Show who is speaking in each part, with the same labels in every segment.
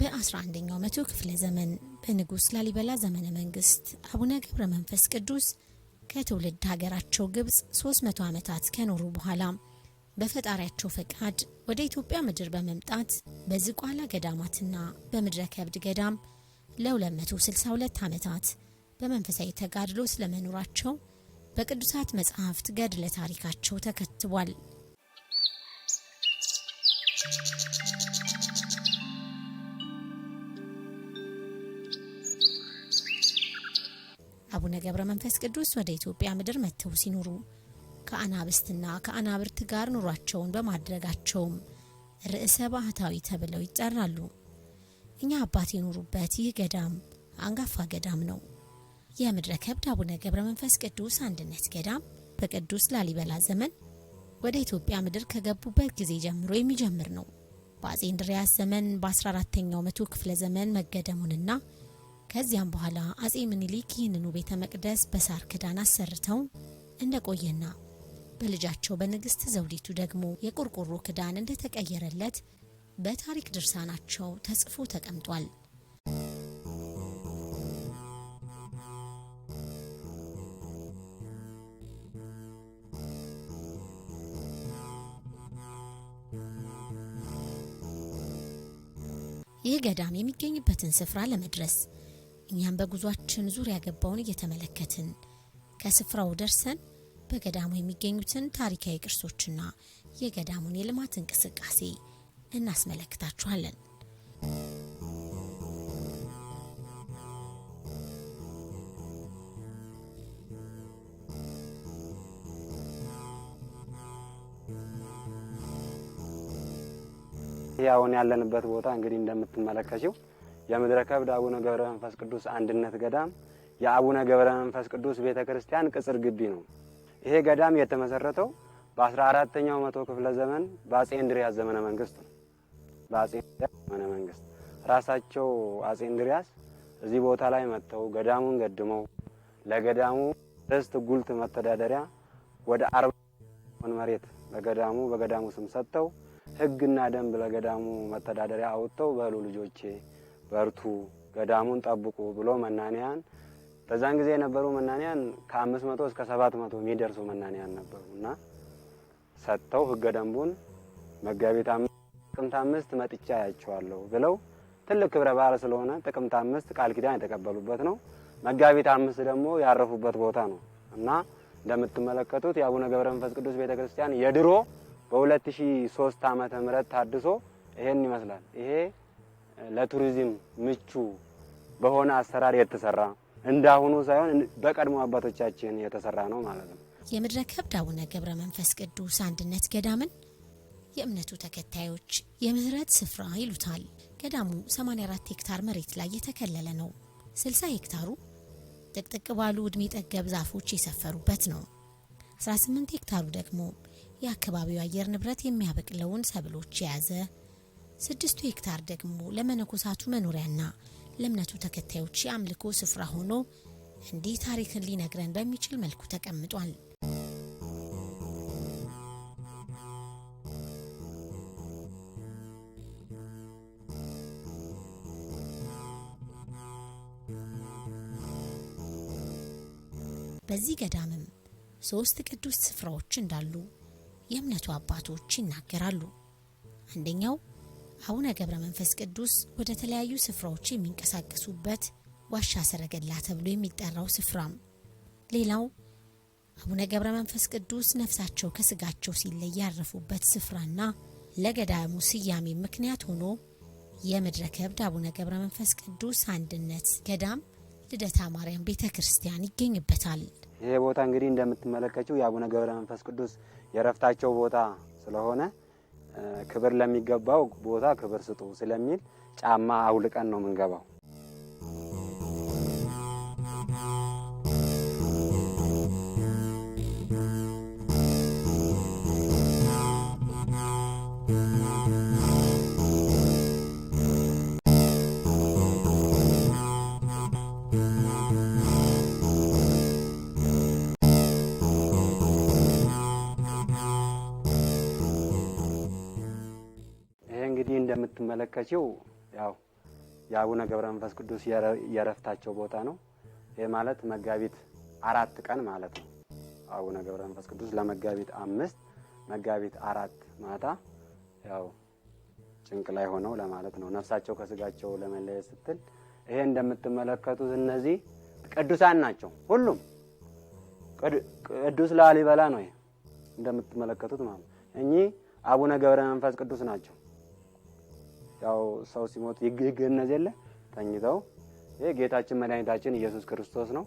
Speaker 1: በ11ኛው መቶ ክፍለ ዘመን በንጉሥ ላሊበላ ዘመነ መንግስት አቡነ ገብረ መንፈስ ቅዱስ ከትውልድ ሀገራቸው ግብጽ 300 ዓመታት ከኖሩ በኋላ በፈጣሪያቸው ፈቃድ ወደ ኢትዮጵያ ምድር በመምጣት በዝቋላ ገዳማትና በምድረ ከብድ ገዳም ለ262 ዓመታት በመንፈሳዊ ተጋድሎ ስለመኖራቸው በቅዱሳት መጻሕፍት ገድለ ታሪካቸው ተከትቧል። አቡነ ገብረ መንፈስ ቅዱስ ወደ ኢትዮጵያ ምድር መጥተው ሲኖሩ ከአናብስትና ከአናብርት ጋር ኑሯቸውን በማድረጋቸውም ርዕሰ ባህታዊ ተብለው ይጠራሉ። እኛ አባት የኖሩበት ይህ ገዳም አንጋፋ ገዳም ነው። የምድረ ከብድ አቡነ ገብረ መንፈስ ቅዱስ አንድነት ገዳም በቅዱስ ላሊበላ ዘመን ወደ ኢትዮጵያ ምድር ከገቡበት ጊዜ ጀምሮ የሚጀምር ነው። በአጼ እንድሪያስ ዘመን በ14ተኛው መቶ ክፍለ ዘመን መገደሙንና ከዚያም በኋላ አጼ ምኒልክ ይህንኑ ቤተ መቅደስ በሳር ክዳን አሰርተው እንደቆየና በልጃቸው በንግስት ዘውዲቱ ደግሞ የቆርቆሮ ክዳን እንደተቀየረለት በታሪክ ድርሳናቸው ተጽፎ ተቀምጧል። ይህ ገዳም የሚገኝበትን ስፍራ ለመድረስ እኛም በጉዟችን ዙሪያ ገባውን እየተመለከትን ከስፍራው ደርሰን በገዳሙ የሚገኙትን ታሪካዊ ቅርሶችና የገዳሙን የልማት እንቅስቃሴ እናስመለክታችኋለን።
Speaker 2: ይህ አሁን ያለንበት ቦታ እንግዲህ እንደምትመለከችው የምድረ ከብድ አቡነ ገብረ መንፈስ ቅዱስ አንድነት ገዳም የአቡነ ገብረ መንፈስ ቅዱስ ቤተ ክርስቲያን ቅጽር ግቢ ነው። ይሄ ገዳም የተመሰረተው በ14ኛው መቶ ክፍለ ዘመን በአጼ እንድሪያስ ዘመነ መንግስት ነው። በአጼ እንድሪያስ ዘመነ መንግስት ራሳቸው አጼ እንድሪያስ እዚህ ቦታ ላይ መጥተው ገዳሙን ገድመው ለገዳሙ ርስት ጉልት መተዳደሪያ ወደ አርባ መሬት ለገዳሙ በገዳሙ ስም ሰጥተው ህግና ደንብ ለገዳሙ መተዳደሪያ አውጥተው በሉ ልጆቼ በርቱ፣ ገዳሙን ጠብቁ ብሎ መናንያን በዛን ጊዜ የነበሩ መናንያን ከአምስት መቶ እስከ ሰባት መቶ የሚደርሱ መናንያን ነበሩ እና ሰጥተው ህገ ደንቡን መጋቢት ጥቅምት አምስት መጥቻ ያቸዋለሁ ብለው ትልቅ ክብረ በዓል ስለሆነ ጥቅምት አምስት ቃል ኪዳን የተቀበሉበት ነው። መጋቢት አምስት ደግሞ ያረፉበት ቦታ ነው እና እንደምትመለከቱት የአቡነ ገብረ መንፈስ ቅዱስ ቤተክርስቲያን የድሮ በ2003 ዓመተ ምህረት ታድሶ ይሄን ይመስላል። ይሄ ለቱሪዝም ምቹ በሆነ አሰራር የተሰራ እንዳሁኑ ሳይሆን በቀድሞ አባቶቻችን የተሰራ ነው ማለት ነው።
Speaker 1: የምድረ ከብድ አቡነ ገብረ መንፈስ ቅዱስ አንድነት ገዳምን የእምነቱ ተከታዮች የምህረት ስፍራ ይሉታል። ገዳሙ 84 ሄክታር መሬት ላይ የተከለለ ነው። 60 ሄክታሩ ጥቅጥቅ ባሉ እድሜ ጠገብ ዛፎች የሰፈሩበት ነው። 18 ሄክታሩ ደግሞ የአካባቢው አየር ንብረት የሚያበቅለውን ሰብሎች የያዘ፣ ስድስቱ ሄክታር ደግሞ ለመነኮሳቱ መኖሪያና ለእምነቱ ተከታዮች የአምልኮ ስፍራ ሆኖ እንዲህ ታሪክን ሊነግረን በሚችል መልኩ ተቀምጧል። በዚህ ገዳምም ሶስት ቅዱስ ስፍራዎች እንዳሉ የእምነቱ አባቶች ይናገራሉ። አንደኛው አቡነ ገብረ መንፈስ ቅዱስ ወደ ተለያዩ ስፍራዎች የሚንቀሳቀሱበት ዋሻ ሰረገላ ተብሎ የሚጠራው ስፍራም፣ ሌላው አቡነ ገብረ መንፈስ ቅዱስ ነፍሳቸው ከስጋቸው ሲለይ ያረፉበት ስፍራና ለገዳሙ ስያሜ ምክንያት ሆኖ የምድረ ከብድ አቡነ ገብረ መንፈስ ቅዱስ አንድነት ገዳም ልደታ ማርያም ቤተ ክርስቲያን ይገኝበታል።
Speaker 2: ይሄ ቦታ እንግዲህ እንደምትመለከችው የአቡነ ገብረ መንፈስ ቅዱስ የእረፍታቸው ቦታ ስለሆነ ክብር ለሚገባው ቦታ ክብር ስጡ ስለሚል ጫማ አውልቀን ነው የምንገባው። የምትመለከችው ያው የአቡነ ገብረ መንፈስ ቅዱስ የረፍታቸው ቦታ ነው። ይህ ማለት መጋቢት አራት ቀን ማለት ነው። አቡነ ገብረ መንፈስ ቅዱስ ለመጋቢት አምስት መጋቢት አራት ማታ ያው ጭንቅ ላይ ሆነው ለማለት ነው። ነፍሳቸው ከስጋቸው ለመለየት ስትል ይሄ እንደምትመለከቱት እነዚህ ቅዱሳን ናቸው። ሁሉም ቅዱስ ላሊበላ ነው። ይሄ እንደምትመለከቱት ማለት እኚህ አቡነ ገብረ መንፈስ ቅዱስ ናቸው። ያው ሰው ሲሞት ይገነዝ የለ ተኝተው ይህ ጌታችን መድኃኒታችን ኢየሱስ ክርስቶስ ነው።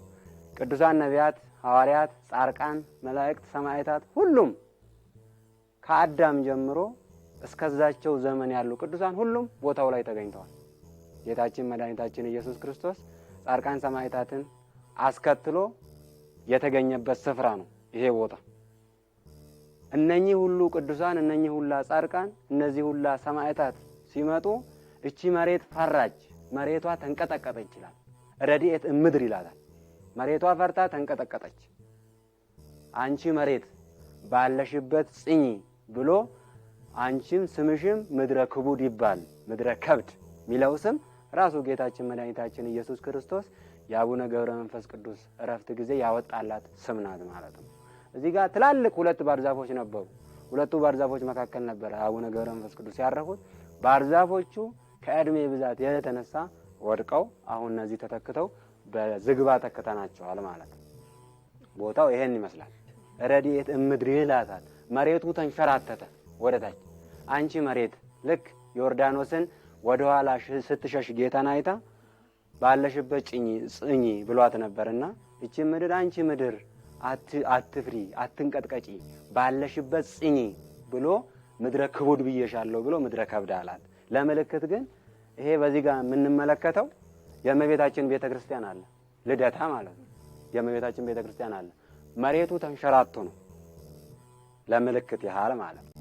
Speaker 2: ቅዱሳን ነቢያት፣ ሐዋርያት፣ ጻርቃን፣ መላእክት፣ ሰማዕታት ሁሉም ከአዳም ጀምሮ እስከዛቸው ዘመን ያሉ ቅዱሳን ሁሉም ቦታው ላይ ተገኝተዋል። ጌታችን መድኃኒታችን ኢየሱስ ክርስቶስ ጻድቃን ሰማዕታትን አስከትሎ የተገኘበት ስፍራ ነው ይሄ ቦታ። እነኚህ ሁሉ ቅዱሳን፣ እነኚህ ሁላ ጻድቃን፣ እነዚህ ሁላ ሰማዕታት ሲመጡ እቺ መሬት ፈራች፣ መሬቷ ተንቀጠቀጠ ይችላል ረድኤት እምድር ይላታል። መሬቷ ፈርታ ተንቀጠቀጠች። አንቺ መሬት ባለሽበት ጽኚ ብሎ አንቺም ስምሽም ምድረ ክቡድ ይባል ምድረ ከብድ ሚለው ስም ራሱ ጌታችን መድኃኒታችን ኢየሱስ ክርስቶስ የአቡነ ገብረ መንፈስ ቅዱስ እረፍት ጊዜ ያወጣላት ስም ናት ማለት ነው። እዚህ ጋር ትላልቅ ሁለት ባርዛፎች ነበሩ። ሁለቱ ባርዛፎች መካከል ነበረ አቡነ ገብረ መንፈስ ቅዱስ ያረፉት። ባርዛፎቹ ዛፎቹ ከእድሜ ብዛት የተነሳ ወድቀው አሁን እነዚህ ተተክተው በዝግባ ተክተናቸዋል ማለት ነው። ቦታው ይሄን ይመስላል። ረድኤት እምድር ይላታል። መሬቱ ተንሸራተተ ወደታች አንቺ መሬት ልክ ዮርዳኖስን ወደኋላ ስትሸሽ ጌታን አይታ ባለሽበት ጽኚ ብሏት ነበርና እቺ ምድር አንቺ ምድር አትፍሪ፣ አትንቀጥቀጪ፣ ባለሽበት ጽኚ ብሎ ምድረ ክቡድ ብዬሻለሁ ብሎ ምድረ ከብድ አላት። ለምልክት ግን ይሄ በዚህ ጋር የምንመለከተው የእመቤታችን ቤተ ክርስቲያን አለ፣ ልደታ ማለት ነው። የእመቤታችን ቤተ ክርስቲያን አለ። መሬቱ ተንሸራቶ ነው ለምልክት ያህል ማለት ነው።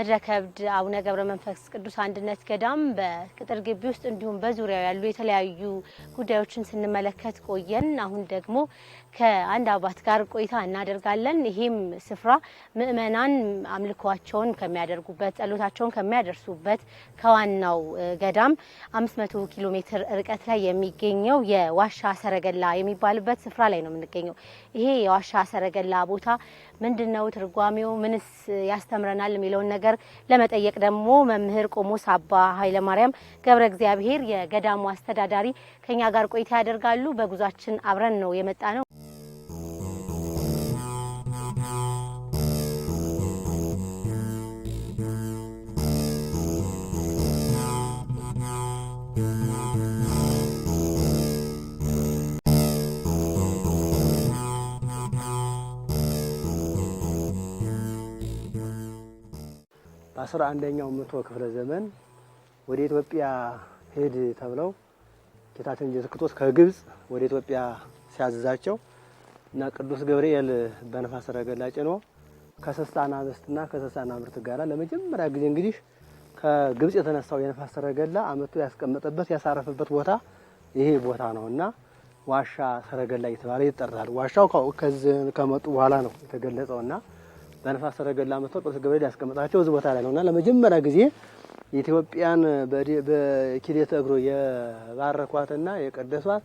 Speaker 1: መድረከብድ አቡነ ገብረ መንፈስ ቅዱስ አንድነት ገዳም በቅጥር ግቢ ውስጥ እንዲሁም በዙሪያው ያሉ የተለያዩ ጉዳዮችን ስንመለከት ቆየን። አሁን ደግሞ ከአንድ አባት ጋር ቆይታ እናደርጋለን። ይሄም ስፍራ ምእመናን አምልኮቸውን ከሚያደርጉበት፣ ጸሎታቸውን ከሚያደርሱበት ከዋናው ገዳም 500 ኪሎ ሜትር ርቀት ላይ የሚገኘው የዋሻ ሰረገላ የሚባልበት ስፍራ ላይ ነው የምንገኘው። ይሄ የዋሻ ሰረገላ ቦታ ምንድነው ትርጓሜው፣ ምንስ ያስተምረናል የሚለውን ነገር ለመጠየቅ ደግሞ መምህር ቆሞስ አባ ኃይለማርያም ገብረ እግዚአብሔር የገዳሙ አስተዳዳሪ ከኛ ጋር ቆይታ ያደርጋሉ። በጉዟችን አብረን ነው የመጣ ነው።
Speaker 2: በአስራ አንደኛው መቶ ክፍለ ዘመን ወደ ኢትዮጵያ ሄድ ተብለው ጌታችን ኢየሱስ ክርስቶስ ከግብጽ ወደ ኢትዮጵያ ሲያዝዛቸው እና ቅዱስ ገብርኤል በነፋስ ሰረገላ ጭኖ ከስስት አናብስትና ከስስት አናብርት ጋራ ለመጀመሪያ ጊዜ እንግዲህ ከግብጽ የተነሳው የነፋስ ሰረገላ አመቱ ያስቀመጠበት ያሳረፈበት ቦታ ይሄ ቦታ ነው እና ዋሻ ሰረገላ እየተባለ ይጠራል። ዋሻው ከዚህ ከመጡ በኋላ ነው የተገለጸውና በነፋስ ሰረገላ መጥተው ቅዱስ ገብርኤል ያስቀመጣቸው እዚህ ቦታ ላይ ነውና ለመጀመሪያ ጊዜ ኢትዮጵያን በኪደተ እግሮ የባረኳትና የቀደሷት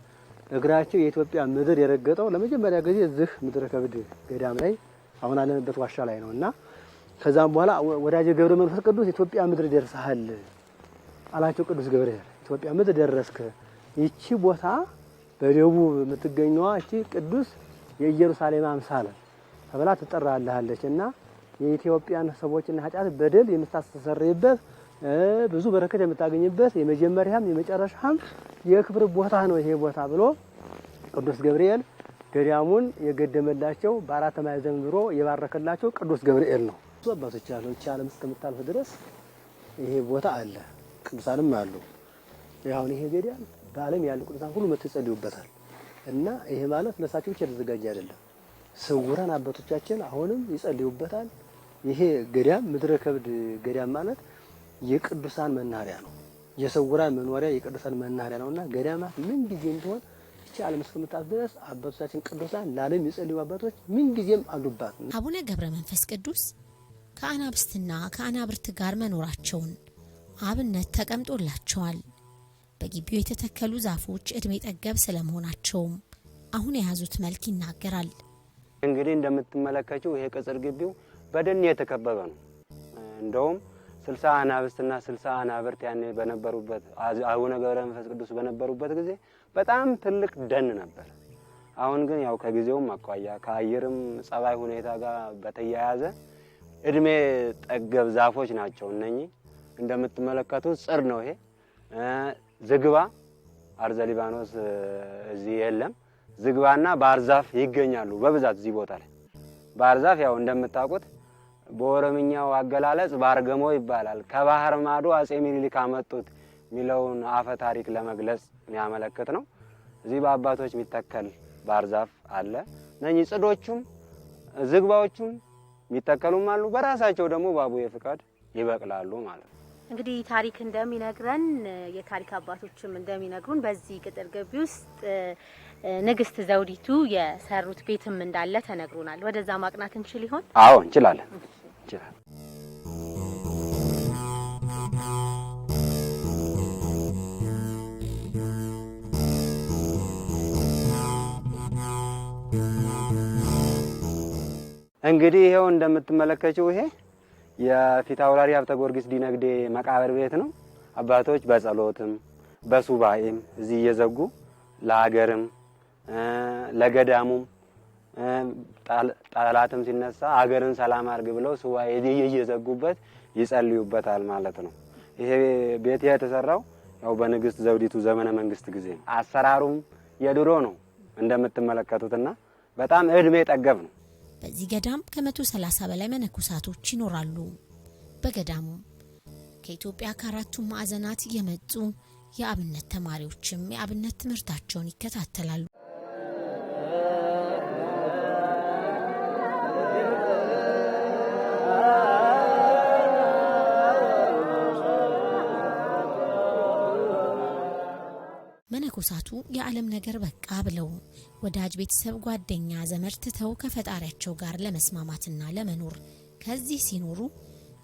Speaker 2: እግራቸው የኢትዮጵያ ምድር የረገጠው ለመጀመሪያ ጊዜ እዚህ ምድረ ከብድ ገዳም ላይ አሁን አለንበት ዋሻ ላይ ነውና ከዛም በኋላ ወዳጅ ገብረ መንፈስ ቅዱስ ኢትዮጵያ ምድር ደርሰሃል አላቸው። ቅዱስ ገብርኤል ኢትዮጵያ ምድር ደረስክ፣ ይቺ ቦታ በደቡብ የምትገኘዋ እቺ ቅዱስ የኢየሩሳሌም አምሳለን ተብላ ትጠራልሃለች እና የኢትዮጵያን ሰዎችና ኃጢአት በደል የምታስተሰርይበት ብዙ በረከት የምታገኝበት የመጀመሪያም የመጨረሻም የክብር ቦታ ነው ይሄ ቦታ ብሎ ቅዱስ ገብርኤል ገዳሙን የገደመላቸው በአራት ማዕዘን ዙሮ የባረከላቸው ቅዱስ ገብርኤል ነው። ብዙ አባቶች አሉ። ይህች ዓለም እስከምታልፍ ድረስ ይሄ ቦታ አለ፣ ቅዱሳንም አሉ። ያሁን ይሄ ገዳም በዓለም ያሉ ቅዱሳን ሁሉ መጥተው ይጸልዩበታል እና ይሄ ማለት ለሳቸው ብቻ የተዘጋጀ አይደለም። ስውራን አባቶቻችን አሁንም ይጸልዩበታል። ይሄ ገዳም ምድረ ከብድ ገዳም ማለት የቅዱሳን መናኸሪያ ነው። የስውራን መኖሪያ የቅዱሳን መናኸሪያ ነውና ገዳማት ምን ጊዜም ቢሆን ይቺ ዓለም ድረስ አባቶቻችን ቅዱሳን ለዓለም የጸልዩ አባቶች ምን ጊዜም አሉባት።
Speaker 1: አቡነ ገብረ መንፈስ ቅዱስ ከአናብስትና ከአናብርት ጋር መኖራቸውን አብነት ተቀምጦላቸዋል። በግቢው የተተከሉ ዛፎች እድሜ ጠገብ ስለመሆናቸውም አሁን የያዙት መልክ ይናገራል።
Speaker 2: እንግዲህ እንደምትመለከችው ይሄ ቅጽር ግቢው በደን የተከበበ ነው። እንደውም ስልሳ አናብስትና ስልሳ አናብርት ያኔ በነበሩበት አቡነ ገብረ መንፈስ ቅዱስ በነበሩበት ጊዜ በጣም ትልቅ ደን ነበር። አሁን ግን ያው ከጊዜውም አኳያ ከአየርም ጸባይ ሁኔታ ጋር በተያያዘ እድሜ ጠገብ ዛፎች ናቸው እነኚህ። እንደምትመለከቱት ጽር ነው ይሄ። ዝግባ አርዘ ሊባኖስ እዚህ የለም። ዝግባና ባህር ዛፍ ይገኛሉ በብዛት እዚህ ቦታ ላይ። ባህር ዛፍ ያው እንደምታውቁት በኦሮምኛው አገላለጽ ባርገሞ ይባላል። ከባህር ማዶ አጼ ሚኒሊክ አመጡት የሚለውን አፈ ታሪክ ለመግለጽ የሚያመለክት ነው። እዚህ በአባቶች የሚተከል ባህር ዛፍ አለ። እነኚህ ጽዶቹም ዝግባዎቹም የሚተከሉም አሉ። በራሳቸው ደግሞ በአቡየ ፍቃድ ይበቅላሉ ማለት ነው።
Speaker 1: እንግዲህ ታሪክ እንደሚነግረን የታሪክ አባቶችም እንደሚነግሩን በዚህ ቅጥር ግቢ ውስጥ ንግስት ዘውዲቱ የሰሩት ቤትም እንዳለ ተነግሮናል። ወደዛ ማቅናት እንችል ይሆን?
Speaker 2: አዎ እንችላለን። እንግዲህ ይኸው እንደምትመለከችው ይሄ የፊታውራሪ ሀብተ ጊዮርጊስ ዲነግዴ መቃብር ቤት ነው። አባቶች በጸሎትም በሱባኤም እዚህ እየዘጉ ለሀገርም ለገዳሙም ጠላትም ሲነሳ አገርን ሰላም አርግ ብለው ሱባኤ እየዘጉበት ይጸልዩበታል ማለት ነው። ይሄ ቤት የተሰራው ያው በንግስት ዘውዲቱ ዘመነ መንግስት ጊዜ ነው። አሰራሩም የድሮ ነው እንደምትመለከቱትና በጣም እድሜ ጠገብ ነው።
Speaker 1: በዚህ ገዳም ከ130 በላይ መነኮሳቶች ይኖራሉ። በገዳሙ ከኢትዮጵያ ከአራቱ ማዕዘናት የመጡ የአብነት ተማሪዎችም የአብነት ትምህርታቸውን ይከታተላሉ። መነኮሳቱ የዓለም ነገር በቃ ብለው ወዳጅ፣ ቤተሰብ፣ ጓደኛ፣ ዘመድ ትተው ከፈጣሪያቸው ጋር ለመስማማትና ለመኖር ከዚህ ሲኖሩ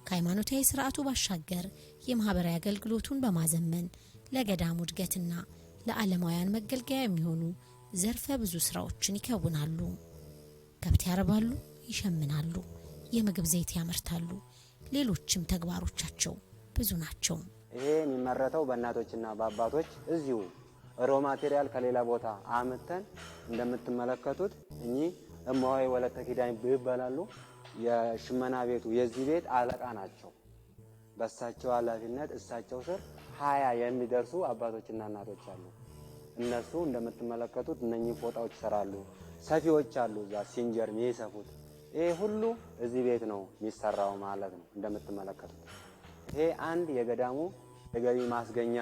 Speaker 1: ከሃይማኖታዊ ስርዓቱ ባሻገር የማህበራዊ አገልግሎቱን በማዘመን ለገዳሙ እድገትና ለዓለማውያን መገልገያ የሚሆኑ ዘርፈ ብዙ ስራዎችን ይከውናሉ። ከብት ያርባሉ፣ ይሸምናሉ፣ የምግብ ዘይት ያመርታሉ። ሌሎችም ተግባሮቻቸው ብዙ ናቸው።
Speaker 2: ይሄ የሚመረተው በእናቶችና በአባቶች እዚሁ ሮ ማቴሪያል ከሌላ ቦታ አምተን እንደምትመለከቱት እኚህ እማዋይ ወለተ ኪዳኝ ይባላሉ። የሽመና ቤቱ የዚህ ቤት አለቃ ናቸው። በእሳቸው ኃላፊነት እሳቸው ስር ሀያ የሚደርሱ አባቶችና እናቶች አሉ። እነሱ እንደምትመለከቱት እነኚህ ፎጣዎች ይሰራሉ። ሰፊዎች አሉ፣ እዛ ሲንጀር የሚሰፉት ይሄ ሁሉ እዚህ ቤት ነው የሚሰራው ማለት ነው። እንደምትመለከቱት ይሄ አንድ የገዳሙ የገቢ ማስገኛ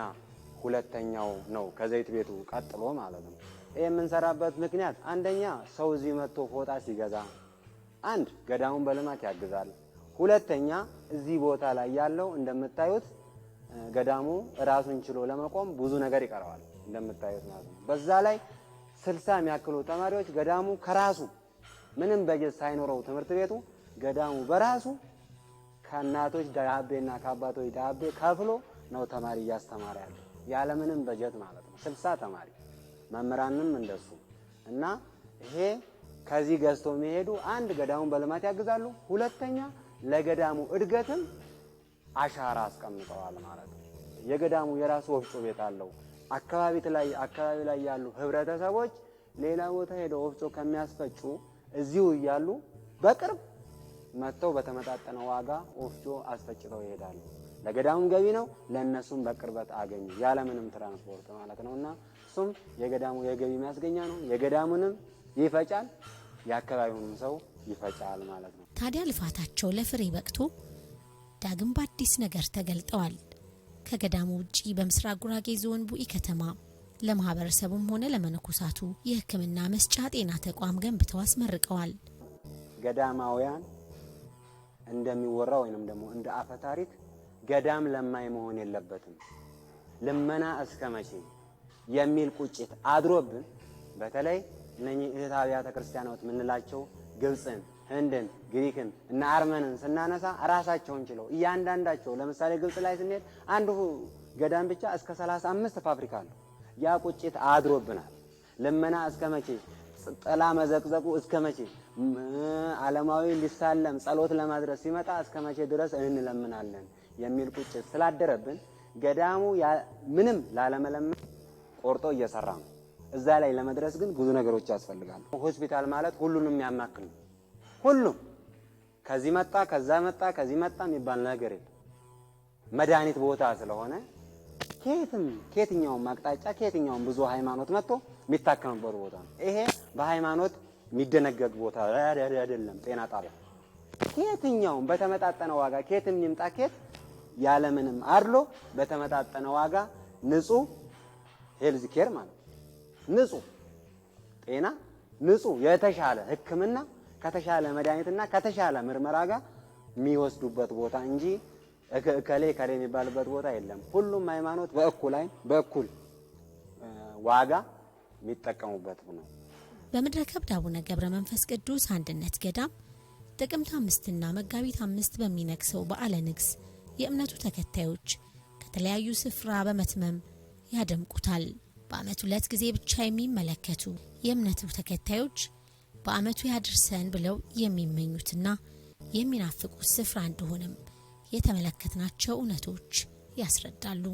Speaker 2: ሁለተኛው ነው ከዘይት ቤቱ ቀጥሎ ማለት ነው። ይህ የምንሰራበት ምክንያት አንደኛ ሰው እዚህ መጥቶ ፎጣ ሲገዛ አንድ ገዳሙን በልማት ያግዛል። ሁለተኛ እዚህ ቦታ ላይ ያለው እንደምታዩት ገዳሙ ራሱን ችሎ ለመቆም ብዙ ነገር ይቀረዋል እንደምታዩት ማለት ነው። በዛ ላይ ስልሳ የሚያክሉ ተማሪዎች ገዳሙ ከራሱ ምንም በጀት ሳይኖረው ትምህርት ቤቱ ገዳሙ በራሱ ከእናቶች ዳቤና ከአባቶች ዳቤ ከፍሎ ነው ተማሪ እያስተማረ ያለው። ያለምንም በጀት ማለት ነው። ስልሳ ተማሪ መምህራንም እንደሱ እና ይሄ ከዚህ ገዝቶ የሚሄዱ አንድ ገዳሙን በልማት ያግዛሉ፣ ሁለተኛ ለገዳሙ እድገትም አሻራ አስቀምጠዋል ማለት ነው። የገዳሙ የራሱ ወፍጮ ቤት አለው። አካባቢት ላይ አካባቢ ላይ ያሉ ህብረተሰቦች ሌላ ቦታ ሄደው ወፍጮ ከሚያስፈጩ እዚሁ እያሉ በቅርብ መጥተው በተመጣጠነ ዋጋ ወፍጮ አስፈጭተው ይሄዳሉ። ለገዳሙም ገቢ ነው፣ ለእነሱም በቅርበት አገኙ ያለምንም ትራንስፖርት ማለት ነው። እና እሱም የገዳሙ የገቢ ማስገኛ ነው። የገዳሙንም ይፈጫል፣ የአካባቢውንም ሰው ይፈጫል ማለት ነው።
Speaker 1: ታዲያ ልፋታቸው ለፍሬ በቅቶ ዳግም በአዲስ ነገር ተገልጠዋል። ከገዳሙ ውጪ በምስራቅ ጉራጌ ዞን ቡኢ ከተማ ለማህበረሰቡም ሆነ ለመነኮሳቱ የሕክምና መስጫ ጤና ተቋም ገንብተው አስመርቀዋል።
Speaker 2: ገዳማውያን እንደሚወራ ወይንም ደግሞ እንደ አፈ ታሪክ ገዳም ለማይ መሆን የለበትም። ልመና እስከ መቼ የሚል ቁጭት አድሮብን በተለይ እነኚህ እህት አብያተ ክርስቲያናት የምንላቸው ግብፅን፣ ህንድን፣ ግሪክን እና አርመንን ስናነሳ ራሳቸውን ችለው እያንዳንዳቸው ለምሳሌ ግብፅ ላይ ስንሄድ አንዱ ገዳም ብቻ እስከ 35 ፋብሪካ አለው። ያ ቁጭት አድሮብናል። ልመና እስከ መቼ ጥላ መዘቅዘቁ እስከ መቼ ዓለማዊ ሊሳለም ጸሎት ለማድረስ ሲመጣ እስከ መቼ ድረስ እንለምናለን? የሚል ቁጭት ስላደረብን ገዳሙ ምንም ላለመለመን ቆርጦ እየሰራ ነው። እዛ ላይ ለመድረስ ግን ብዙ ነገሮች ያስፈልጋሉ። ሆስፒታል ማለት ሁሉንም የሚያማክል ነው። ሁሉም ከዚህ መጣ፣ ከዛ መጣ፣ ከዚህ መጣ የሚባል ነገር የለም። መድኃኒት ቦታ ስለሆነ ከየትም ከየትኛውም አቅጣጫ ከየትኛውም ብዙ ሃይማኖት መጥቶ የሚታከምበት ቦታ ነው። ይሄ በሃይማኖት የሚደነገግ ቦታ አይደለም። ጤና ጣቢያ ከየትኛውም በተመጣጠነ ዋጋ ከየትም ይምጣ ኬት ያለምንም አድሎ በተመጣጠነ ዋጋ ንጹህ ሄልዝ ኬር ማለት ንጹህ ጤና፣ ንጹህ የተሻለ ሕክምና ከተሻለ መድኃኒትና ከተሻለ ምርመራ ጋር የሚወስዱበት ቦታ እንጂ እከሌ እከሌ የሚባልበት ቦታ የለም። ሁሉም ሃይማኖት በእኩል አይን በእኩል ዋጋ የሚጠቀሙበት ነው።
Speaker 1: በምድረ ከብድ አቡነ ገብረ መንፈስ ቅዱስ አንድነት ገዳም ጥቅምት አምስትና መጋቢት አምስት በሚነግሰው በዓለ ንግስ የእምነቱ ተከታዮች ከተለያዩ ስፍራ በመትመም ያደምቁታል። በዓመት ሁለት ጊዜ ብቻ የሚመለከቱ የእምነቱ ተከታዮች በዓመቱ ያድርሰን ብለው የሚመኙትና የሚናፍቁት ስፍራ እንደሆነም የተመለከትናቸው እውነቶች ያስረዳሉ።